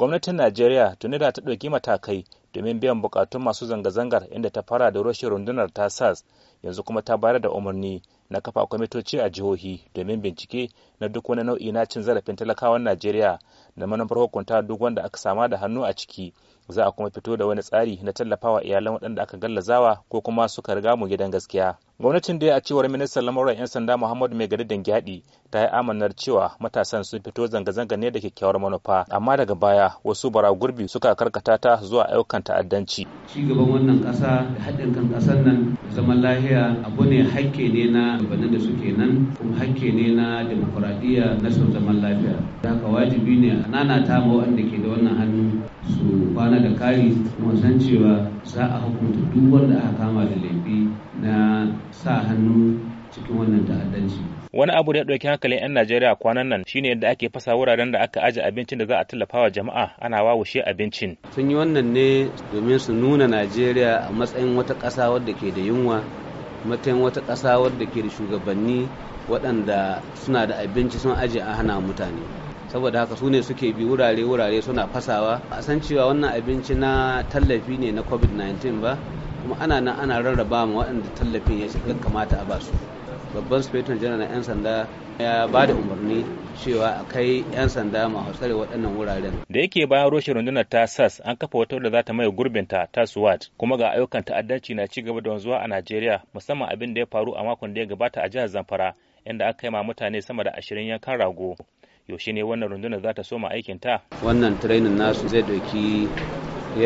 gwamnatin najeriya tuni da ta ɗauki matakai domin biyan bukatun masu zanga-zangar inda ta fara da rushe rundunar ta sas yanzu kuma ta bayar da umarni na kafa kwamitoci a jihohi domin bincike na duk wani nau'i na cin zarafin talakawan najeriya da manufar hukunta duk wanda aka sama da hannu a ciki za a kuma fito da wani tsari na tallafawa iyalan waɗanda aka gallazawa ko kuma suka riga mu gidan gaskiya gwamnatin da a cewar ministan lamuran 'yan sanda muhammadu mai gari dangyadi ta yi amanar cewa matasan sun fito zanga-zanga ne da kyakkyawar manufa amma daga baya wasu bara gurbi suka karkata ta zuwa ayyukan ta'addanci ci gaban wannan ƙasa da haɗin kan ƙasar nan zaman lahiya abu ne hakke ne na da suke nan kuma hakke ne na demokura. demokradiyya na sau zaman lafiya da haka wajibi ne a ta ma waɗanda ke da wannan hannu su kwana da kari kuma san cewa za a hukunta duk wanda aka kama da laifi na sa hannu cikin wannan ta'addanci. Wani abu da ya ɗauki hankalin 'yan Najeriya kwanan nan shine yadda ake fasa wuraren da aka aje abincin da za a tallafa wa jama'a ana wawushe abincin. Sun yi wannan ne domin su nuna Najeriya a matsayin wata ƙasa wadda ke da yunwa matayin wata ƙasa wadda ke da shugabanni waɗanda suna da abinci sun aje a hana mutane saboda haka su ne suke bi wurare-wurare suna fasawa a san cewa wannan abinci na tallafi ne na covid-19 ba kuma ana nan ana rarraba ma waɗanda tallafin ya shiga kamata a basu babban sufetin janar na 'yan sanda ya ba da umarni cewa a kai 'yan sanda masu tsare waɗannan wuraren. Da yake bayan rushe rundunar ta SAS an kafa wata da za ta maye gurbin ta SWAT kuma ga ayyukan ta'addanci na ci gaba da wanzuwa a Najeriya musamman abin da ya faru a makon da ya gabata a jihar Zamfara inda aka kai ma mutane sama da ashirin yankan rago. Yaushe ne wannan rundunar za ta soma aikinta? Wannan tirainin nasu zai doki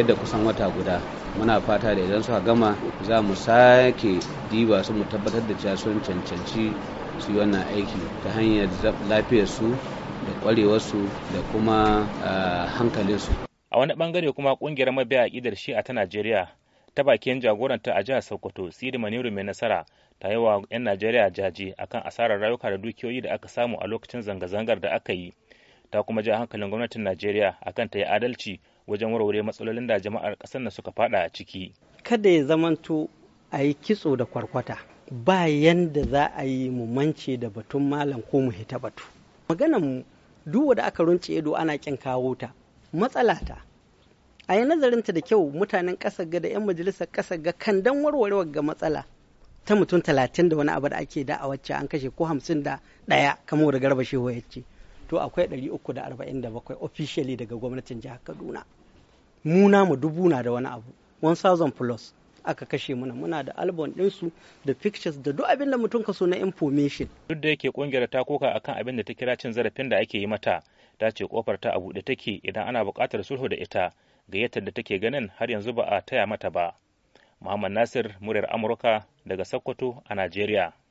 da kusan wata guda. muna fata da idan suka gama za mu sake diba su mu tabbatar da cewa sun cancanci su yi wannan aiki ta hanyar lafiyarsu da kwarewarsu da kuma hankalinsu a wani bangare kuma kungiyar mabiya aƙidar shi a ta najeriya ta bakin jagoranta a jihar sokoto sidi maniru mai nasara ta yi wa 'yan najeriya jaji akan asarar rayuka da dukiyoyi da aka samu a lokacin zanga-zangar da aka yi ta kuma ja hankalin gwamnatin najeriya akan ta yi adalci wajen warware matsalolin da jama'ar ƙasar na suka fada a ciki kada ya zamanto a yi kitso da kwarkwata ba yanda za a yi mu mance da batun malam ko mu hita batu maganan duk wanda aka runce ido ana kin kawo ta matsala ta a yi nazarinta da kyau mutanen ƙasar ga da 'yan majalisar ƙasar ga kan dan warwarewar ga matsala ta mutum talatin da wani abu da ake da a wacce an kashe ko hamsin da ɗaya kamar da garba shehu ya ce to akwai uku da da arba'in bakwai officially daga gwamnatin jihar kaduna mu namu dubu na da wani abu 1000 plus aka kashe muna muna da album ɗinsu da pictures da duk abin da mutum ka so na information duk da yake kungiyar ta koka akan abin da ta kira cin zarafin da ake yi mata ta ce kofar ta a buɗe take idan ana buƙatar sulhu da ita ga yadda take ganin har yanzu ba a taya mata ba muhammad nasir muryar amurka daga sokoto a najeriya